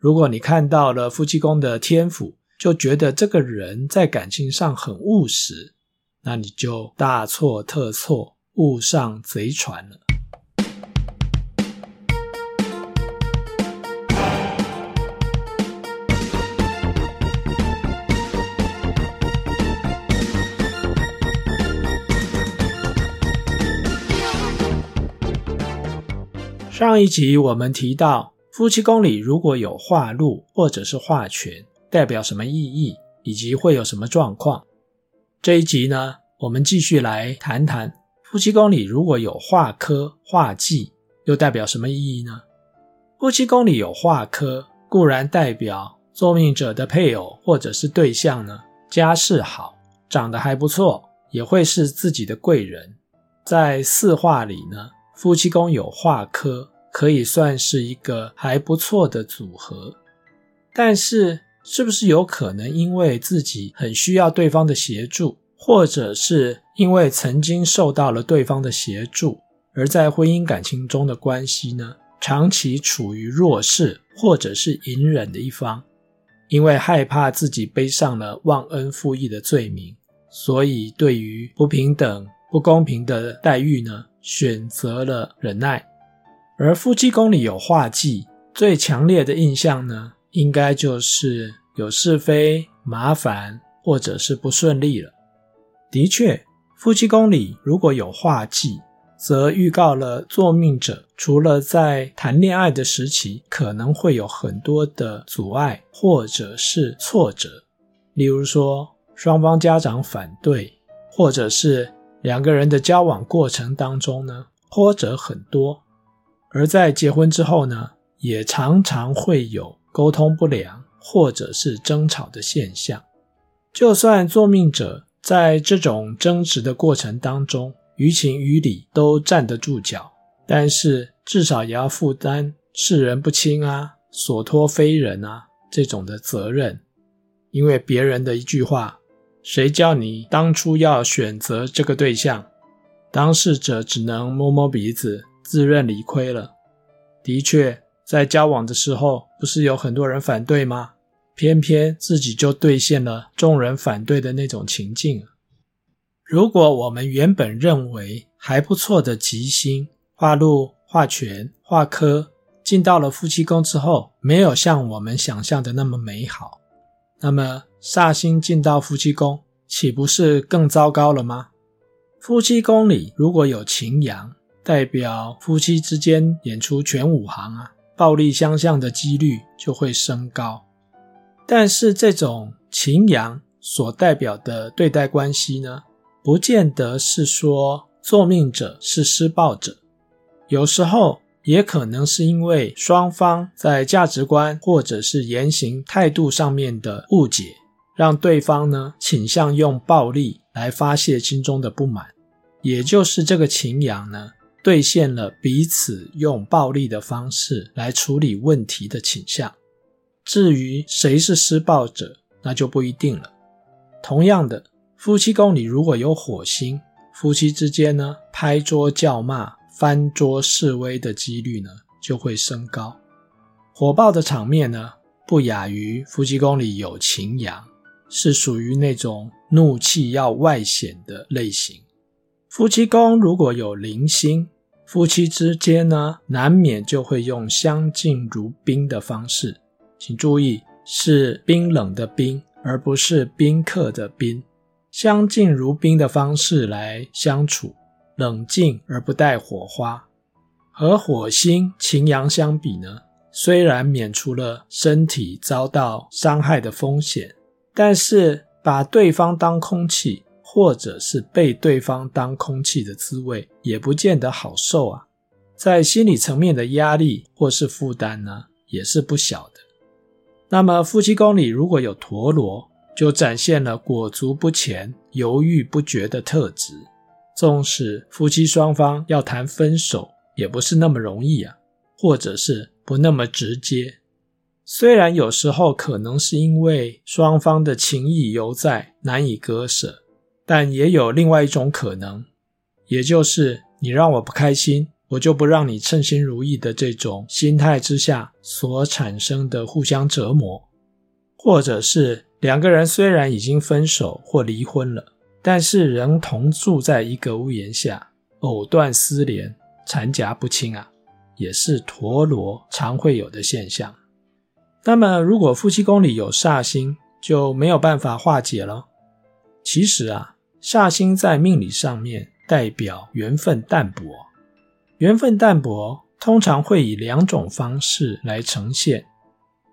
如果你看到了夫妻宮的天府，就覺得這個人在感情上很務實，那你就大錯特錯，誤上賊船了。上一集我們提到。夫妻宮裡如果有化祿或者是化權，代表什麼意義，以及會有什麼狀況？這一集呢，我們繼續來談談夫妻宮裡如果有化科、化忌，又代表什麼意義呢？夫妻宮裡有化科，固然代表坐命者的配偶或者是對象呢，家世好，長得還不錯，也會是自己的貴人。在四化裡呢，夫妻宮有化科。可以算是一個還不錯的組合，但是是不是有可能因為自己很需要對方的協助，或者是因為曾經受到了對方的協助，而在婚姻感情中的關係呢，長期處於弱勢或者是隱忍的一方，因為害怕自己背上了忘恩負義的罪名，所以對於不平等、不公平的待遇呢，選擇了忍耐。而夫妻宮裡有化忌，最強烈的印象呢，應該就是有是非、麻煩，或者是不順利了。的確，夫妻宮裡如果有化忌，則預告了坐命者除了在談戀愛的時期，可能會有很多的阻礙，或者是挫折。例如說，雙方家長反對，或者是兩個人的交往過程當中呢，波折很多。而在結婚之後呢，也常常會有溝通不良或者是爭吵的現象。就算作命者在這種爭執的過程當中，於情於理都站得住腳，但是至少也要負擔識人不清啊，所托非人啊這種的責任。因為別人的一句話，誰叫你當初要選擇這個對象？當事者只能摸摸鼻子，自認理虧了，的確，在交往的時候，不是有很多人反對嗎？偏偏自己就兌現了眾人反對的那種情境。如果我們原本認為還不錯的吉星化祿、化權、化科，進到了夫妻宮之後，沒有像我們想象的那麼美好，那麼煞星進到夫妻宮，豈不是更糟糕了嗎？夫妻宮裡如果有擎羊，代表夫妻之間演出全武行啊，暴力相向的幾率就會升高。但是這種擎羊所代表的對待關係呢，不見得是說坐命者是施暴者，有時候也可能是因為雙方在價值觀或者是言行態度上面的誤解，讓對方呢傾向用暴力來發洩心中的不滿。也就是這個擎羊呢。兌現了彼此用暴力的方式來處理問題的傾向。至於誰是施暴者，那就不一定了。同樣的，夫妻宮裡如果有火星，夫妻之間呢拍桌叫罵、翻桌示威的幾率呢就會升高。火爆的場面呢不亞於夫妻宮裡有擎羊，是屬於那種怒氣要外顯的類型。夫妻宮如果有鈴星，夫妻之間呢，難免就會用相敬如冰的方式。請注意，是冰冷的冰，而不是賓客的賓。相敬如冰的方式來相處，冷靜而不帶火花。和火星、擎羊相比呢，雖然免除了身體遭到傷害的風險，但是把對方當空氣。或者是被對方當空氣的滋味，也不見得好受啊。在心理層面的壓力或是負擔呢，也是不小的。那麼夫妻宮裡如果有陀羅，就展現了裹足不前、猶豫不決的特質。縱使夫妻雙方要談分手，也不是那麼容易啊，或者是不那麼直接。雖然有時候可能是因為雙方的情誼猶在，難以割舍。但也有另外一種可能，也就是你讓我不開心，我就不讓你稱心如意的這種心態之下所產生的互相折磨，或者是兩個人雖然已經分手或離婚了，但是仍同住在一個屋檐下，藕斷絲連、纏夾不清啊，也是陀羅常會有的現象。那麼，如果夫妻宮裡有煞星，就沒有辦法化解了。其實啊。煞星在命理上面代表緣分淡薄。緣分淡薄通常會以兩種方式來呈現，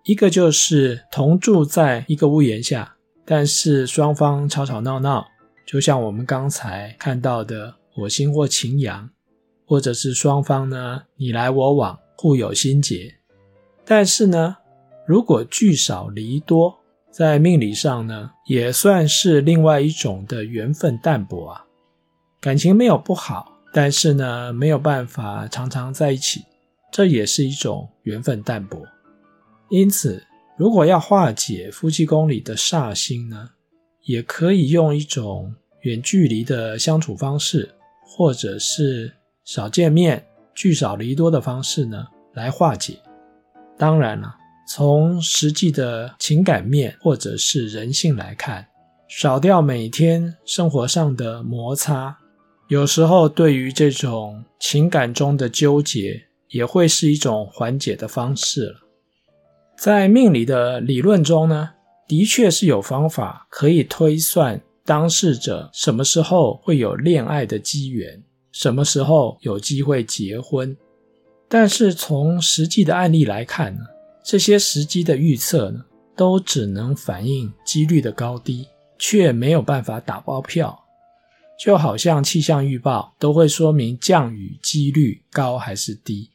一個就是同住在一個屋檐下，但是雙方吵吵鬧鬧，就像我們剛才看到的火星或擎羊，或者是雙方呢你來我往，互有心結，但是呢，如果聚少離多。在命理上呢，也算是另外一種的緣分淡薄啊。感情沒有不好，但是呢，沒有辦法常常在一起，這也是一種緣分淡薄。因此，如果要化解夫妻宮裡的煞星呢，也可以用一種遠距離的相處方式，或者是少見面，聚少離多的方式呢，來化解。當然了。從實際的情感面或者是人性來看，少掉每天生活上的摩擦，有時候對於這種情感中的糾結，也會是一種緩解的方式了。在命理的理論中呢，的確是有方法可以推算當事者什麼時候會有戀愛的機緣，什麼時候有機會結婚。但是從實際的案例來看呢，這些時機的預測呢，都只能反映幾率的高低，卻沒有辦法打包票。就好像氣象預報都會說明降雨幾率高還是低，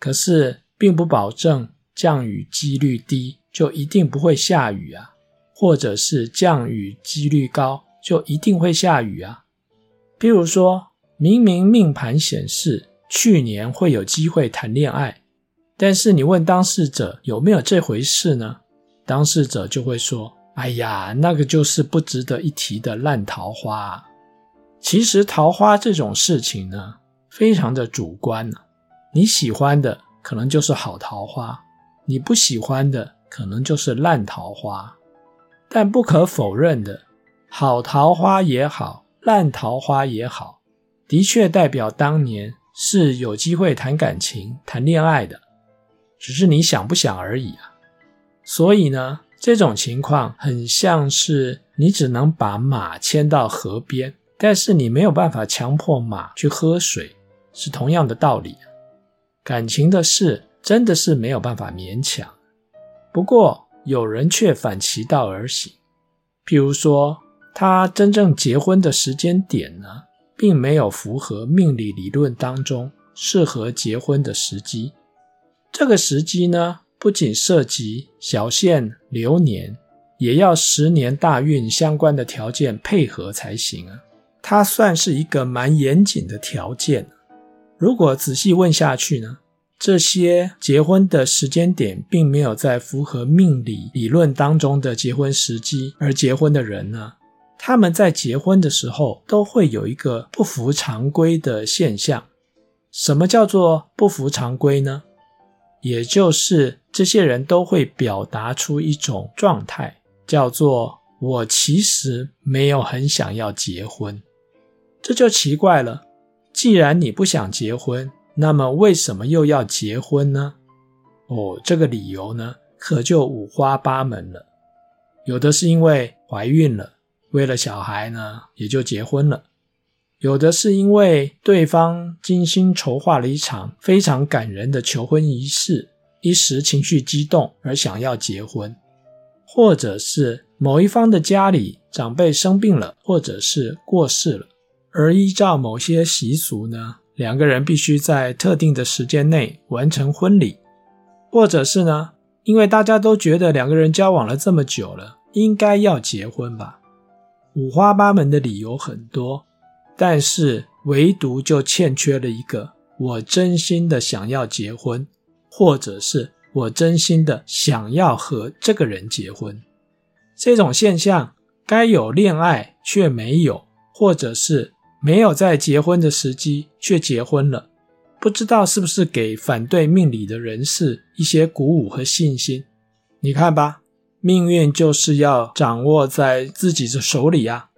可是並不保證降雨幾率低就一定不會下雨啊，或者是降雨幾率高就一定會下雨啊。比如說，明明命盤顯示去年會有機會談戀愛。但是你問當事者有沒有這回事呢？當事者就會說：“哎呀，那個就是不值得一提的爛桃花啊。”其實桃花這種事情呢，非常的主觀呢啊。你喜歡的可能就是好桃花，你不喜歡的可能就是爛桃花。但不可否認的，好桃花也好，爛桃花也好，的確代表當年是有機會談感情、談戀愛的。只是你想不想而已啊！所以呢，這種情況很像是你只能把馬牽到河邊，但是你沒有辦法強迫馬去喝水，是同樣的道理啊。感情的事真的是沒有辦法勉強。不過，有人卻反其道而行，譬如說他真正結婚的時間點呢，並沒有符合命理理論當中適合結婚的時機。這個時機呢，不僅涉及小限流年，也要十年大運相關的條件配合才行啊。它算是一個蠻嚴謹的條件。如果仔細問下去呢，這些結婚的時間點並沒有在符合命理理論當中的結婚時機，而結婚的人呢，他們在結婚的時候都會有一個不符常規的現象。什麼叫做不符常規呢？也就是這些人都會表達出一種狀態，叫做“我其實沒有很想要結婚”，這就奇怪了。既然你不想結婚，那麼為什麼又要結婚呢？哦，這個理由呢，可就五花八門了。有的是因為懷孕了，為了小孩呢，也就結婚了。有的是因為對方精心籌劃了一場非常感人的求婚儀式，一時情緒激動而想要結婚；或者是某一方的家裡長輩生病了，或者是過世了，而依照某些習俗呢，兩個人必須在特定的時間內完成婚禮；或者是呢，因為大家都覺得兩個人交往了這麼久了，應該要結婚吧。五花八門的理由很多。但是唯獨就欠缺了一個我真心的想要結婚，或者是我真心的想要和這個人結婚。這種現象，該有戀愛卻沒有，或者是沒有在結婚的時機卻結婚了，不知道是不是給反對命理的人士一些鼓舞和信心。你看吧，命運就是要掌握在自己的手裡呀、啊。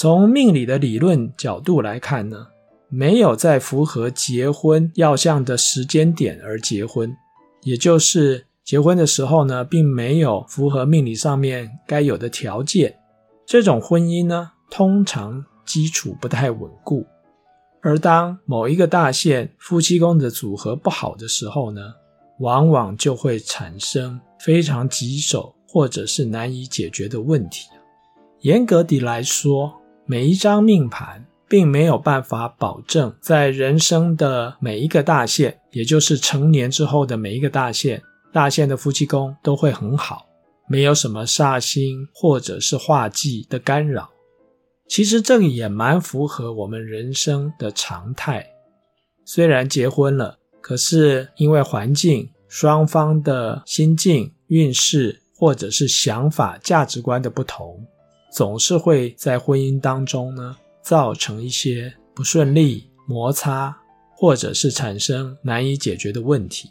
從命理的理論角度來看呢，沒有在符合結婚要相的時間點而結婚，也就是結婚的時候呢，並沒有符合命理上面該有的條件。這種婚姻呢，通常基礎不太穩固。而當某一個大限夫妻宮的組合不好的時候呢，往往就會產生非常棘手或者是難以解決的問題。嚴格地來說，每一張命盤，並沒有辦法保證在人生的每一個大限，也就是成年之後的每一個大限，大限的夫妻宮都會很好，沒有什麼煞星或者是化忌的干擾。其實這也蠻符合我們人生的常態。雖然結婚了，可是因為環境、雙方的心境、運勢或者是想法、價值觀的不同。總是會在婚姻當中呢，造成一些不順利、摩擦，或者是產生難以解決的問題。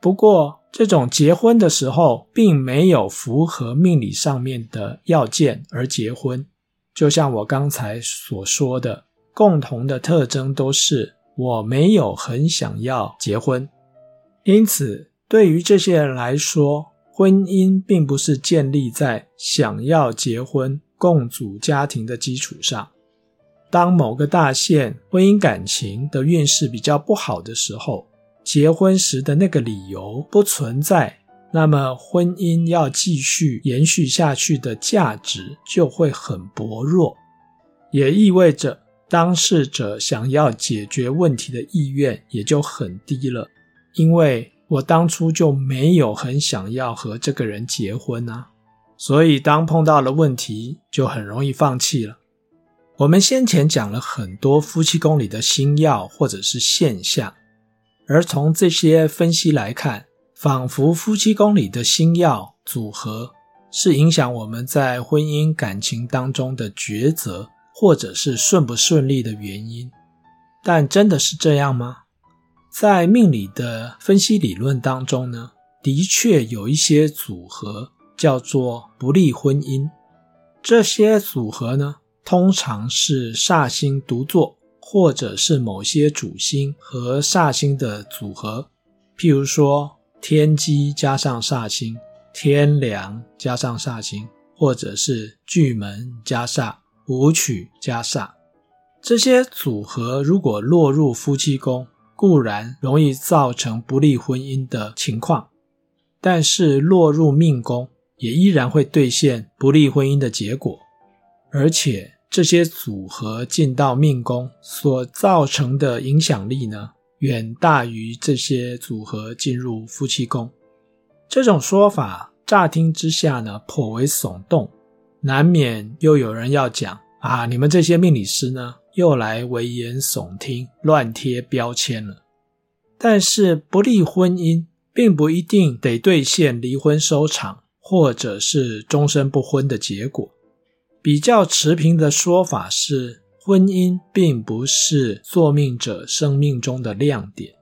不過，這種結婚的時候並沒有符合命理上面的要件而結婚。就像我剛才所說的，共同的特徵都是我沒有很想要結婚，因此對於這些人來說。婚姻並不是建立在想要結婚、共組家庭的基礎上。當某個大限婚姻感情的運勢比較不好的時候，結婚時的那個理由不存在，那麼婚姻要繼續延續下去的價值就會很薄弱，也意味着當事者想要解決問題的意願也就很低了，因為。我當初就沒有很想要和這個人結婚吶、啊，所以當碰到了問題，就很容易放棄了。我們先前講了很多夫妻宮裡的星曜或者是現象，而從這些分析來看，仿佛夫妻宮裡的星曜組合是影響我們在婚姻感情當中的抉擇或者是順不順利的原因，但真的是這樣嗎？在命理的分析理論當中呢，的確有一些組合叫做不利婚姻。這些組合呢，通常是煞星獨坐，或者是某些主星和煞星的組合。譬如說天機加上煞星，天梁加上煞星，或者是巨門加煞、武曲加煞。這些組合如果落入夫妻宮。固然容易造成不利婚姻的情況，但是落入命宮也依然會兌現不利婚姻的結果。而且這些組合進到命宮所造成的影響力呢，遠大於這些組合進入夫妻宮。這種說法乍聽之下呢，頗為聳動，難免又有人要講，啊，你們這些命理師呢，又來危言聳聽、亂貼標籤了。但是不利婚姻並不一定得兌現離婚收場，或者是終身不婚的結果。比較持平的說法是，婚姻並不是宿命者生命中的亮點。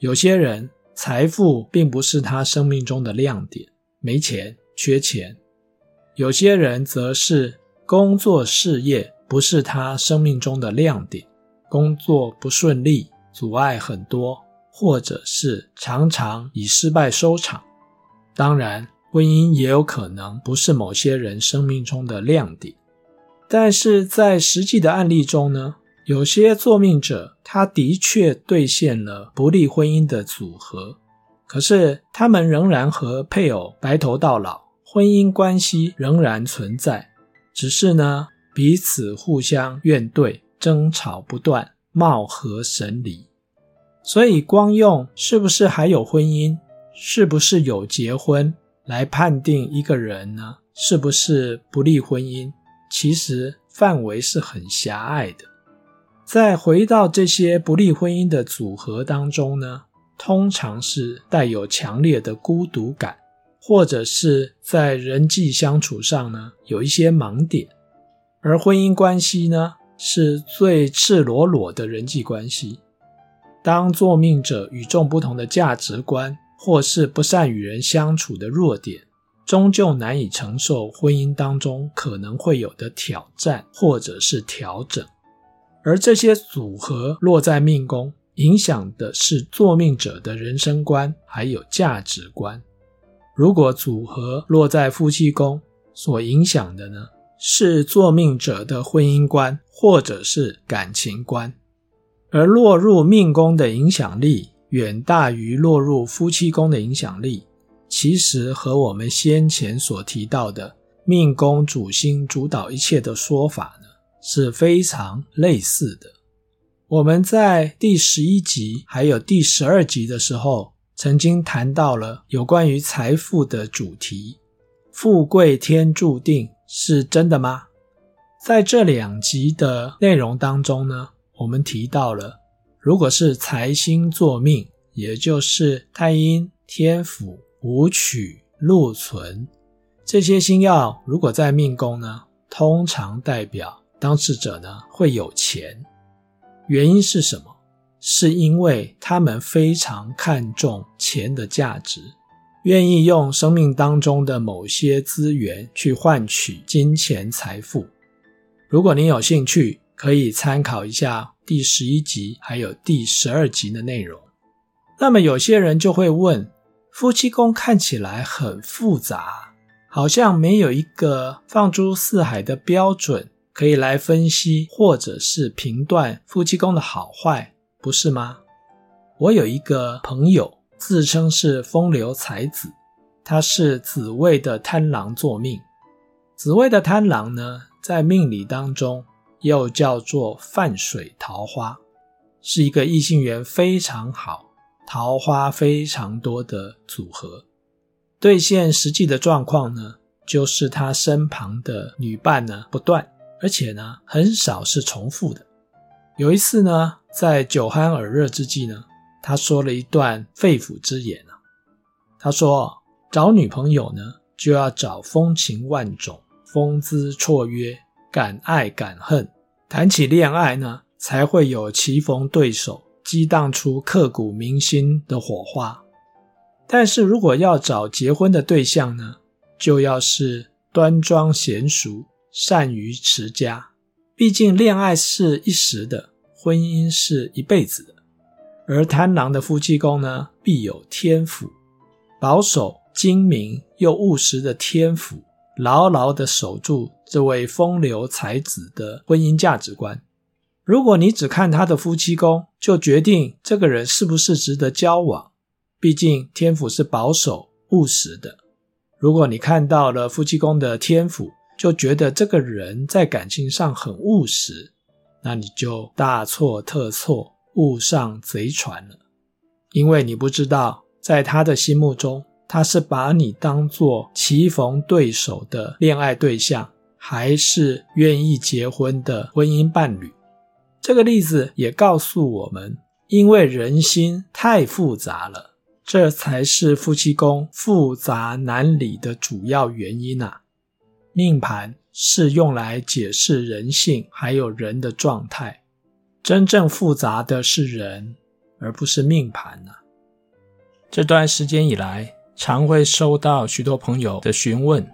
有些人財富並不是他生命中的亮點，沒錢、缺錢；有些人則是工作事業。不是他生命中的亮點，工作不順利，阻礙很多，或者是常常以失敗收場。當然，婚姻也有可能不是某些人生命中的亮點。但是在實際的案例中呢，有些坐命者，他的確兌現了不利婚姻的組合，可是他們仍然和配偶白頭到老，婚姻關係仍然存在，只是呢，彼此互相怨懟，爭吵不斷，貌合神離。所以，光用是不是還有婚姻，是不是有結婚來判定一個人呢？是不是不利婚姻？其實範圍是很狹隘的。再回到這些不利婚姻的組合當中呢，通常是帶有強烈的孤獨感，或者是在人際相處上呢，有一些盲點。而婚姻關係呢，是最赤裸裸的人際關係。當坐命者與眾不同的價值觀，或是不善與人相處的弱點，終究難以承受婚姻當中可能會有的挑戰或者是調整。而這些組合落在命宮，影響的是坐命者的人生觀還有價值觀。如果組合落在夫妻宮，所影響的呢？是坐命者的婚姻觀，或者是感情觀，而落入命宮的影響力遠大於落入夫妻宮的影響力。其實和我們先前所提到的命宮主星主導一切的說法呢，是非常類似的。我們在第十一集還有第十二集的時候，曾經談到了有關於財富的主題，富貴天注定。是真的嗎？在這兩集的內容當中呢，我們提到了，如果是財星坐命，也就是太陰、天府、武曲、祿存這些星曜如果在命宮呢，通常代表當事者呢會有錢。原因是什麼？是因為他們非常看重錢的價值。願意用生命當中的某些資源去換取金錢財富。如果您有興趣，可以參考一下第十一集還有第十二集的內容。那麼有些人就會問：夫妻宮看起來很複雜，好像沒有一個放諸四海的標準可以來分析或者是評斷夫妻宮的好壞，不是嗎？我有一個朋友。自稱是風流才子，他是紫微的貪狼坐命。紫微的貪狼呢，在命理當中又叫做泛水桃花，是一個異性緣非常好、桃花非常多的組合。兌現實際的狀況呢，就是他身旁的女伴呢不斷，而且呢很少是重複的。有一次呢，在酒酣耳熱之際呢，他說了一段肺腑之言啊，他說找女朋友呢，就要找風情萬種、風姿綽約、敢愛敢恨，談起戀愛呢，才會有棋逢對手，激盪出刻骨銘心的火花。但是如果要找結婚的對象呢，就要是端莊賢淑、善於持家。畢竟戀愛是一時的，婚姻是一輩子的。而貪狼的夫妻宮呢，必有天府，保守精明又務實的天府，牢牢的守住這位風流才子的婚姻價值觀。如果你只看他的夫妻宮，就決定這個人是不是值得交往，畢竟天府是保守務實的。如果你看到了夫妻宮的天府，就覺得這個人在感情上很務實，那你就大錯特錯誤上賊船了，因為你不知道，在他的心目中，他是把你當做棋逢對手的戀愛對象，還是願意結婚的婚姻伴侶？這個例子也告訴我們，因為人心太複雜了，這才是夫妻宮複雜難理的主要原因啊！命盤是用來解釋人性，還有人的狀態。真正複雜的是人，而不是命盤呢、啊。這段時間以來，常會收到許多朋友的詢問，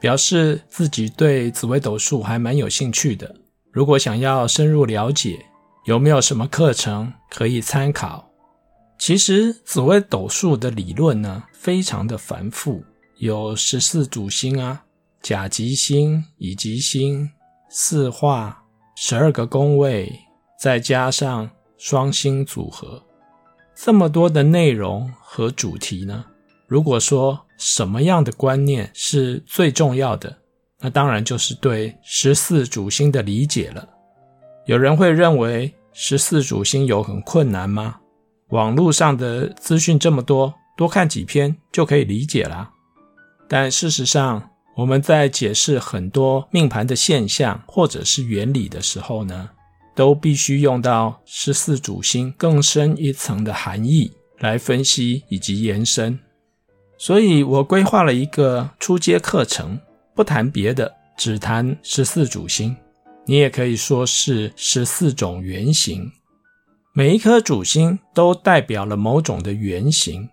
表示自己對紫微斗數還蠻有興趣的。如果想要深入了解，有沒有什麼課程可以參考？其實紫微斗數的理論呢，非常的繁複，有十四主星啊，甲級星、乙級星、四化、十二個宮位。再加上雙星組合，這麼多的內容和主題呢，如果說什麼樣的觀念是最重要的，那當然就是對十四主星的理解了。有人會認為十四主星有很困難嗎？網絡上的資訊這麼多，多看幾篇就可以理解啦。但事實上，我們在解釋很多命盤的現象或者是原理的時候呢，都必須用到十四主星更深一層的含義來分析以及延伸，所以我規劃了一個初階課程，不談別的，只談十四主星。你也可以說是十四種原型，每一顆主星都代表了某種的原型，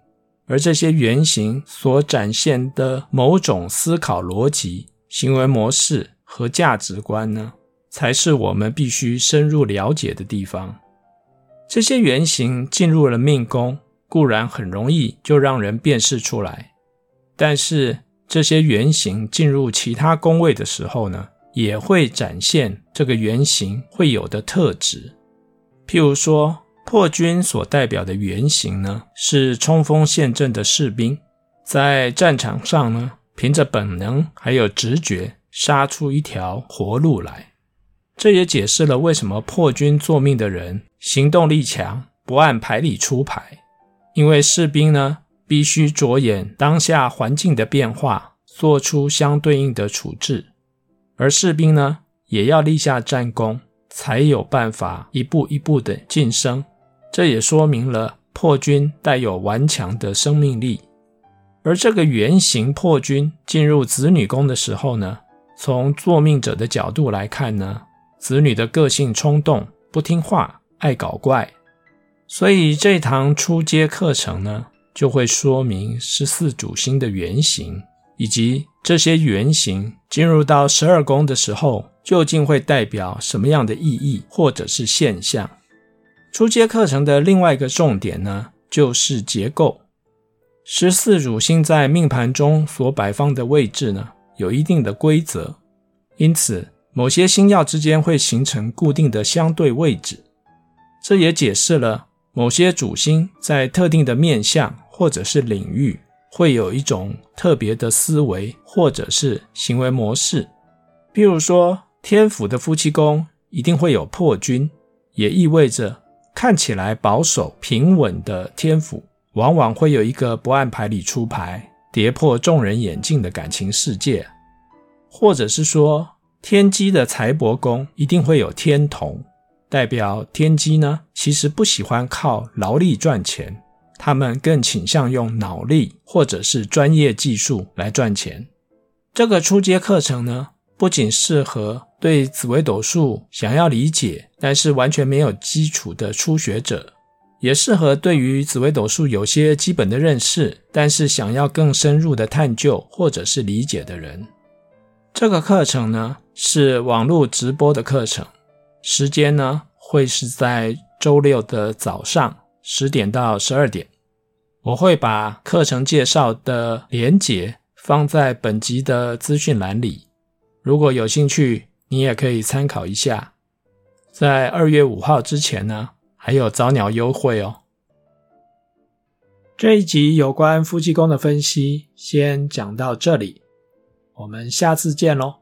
而這些原型所展現的某種思考邏輯、行為模式和價值觀呢，才是我們必須深入了解的地方。這些原型進入了命宮，固然很容易就讓人辨識出來，但是這些原型進入其他宮位的時候呢，也會展現這個原型會有的特質。譬如說，破軍所代表的原型呢，是衝鋒陷陣的士兵，在戰場上呢，憑着本能還有直覺，殺出一條活路來。這也解釋了為什麼破軍坐命的人行動力強，不按牌理出牌。因為士兵呢，必須着眼當下環境的變化，做出相對應的處置；而士兵呢，也要立下戰功，才有辦法一步一步的晉升。這也說明了破軍帶有頑強的生命力。而這個原型破軍進入子女宮的時候呢，從作命者的角度來看呢。子女的個性衝動、不聽話、愛搞怪，所以這堂初階課程呢，就會說明十四主星的原型，以及這些原型進入到十二宮的時候，究竟會代表什麼樣的意義或者是現象。初階課程的另外一個重點呢，就是結構。十四主星在命盤中所擺放的位置呢，有一定的規則，因此。某些星曜之間會形成固定的相對位置，這也解釋了某些主星在特定的面向或者是領域會有一種特別的思維或者是行為模式。比如說，天府的夫妻宮一定會有破軍，也意味着看起來保守平穩的天府，往往會有一個不按牌理出牌、跌破眾人眼鏡的感情世界，或者是說。天機的財帛宮一定會有天同，代表天機呢，其實不喜歡靠勞力賺錢，他們更傾向用腦力或者是專業技術來賺錢。這個初階課程呢，不僅適合對紫微斗數想要理解，但是完全沒有基礎的初學者，也適合對於紫微斗數有些基本的認識，但是想要更深入的探究或者是理解的人。這個課程呢。是網絡直播的課程，時間呢會是在週六的早上十點到十二點。我會把課程介紹的鏈接放在本集的資訊欄裡，如果有興趣，你也可以參考一下。在二月五號之前呢，還有早鳥優惠哦。這一集有關夫妻宮的分析先講到這裡，我們下次見嘍。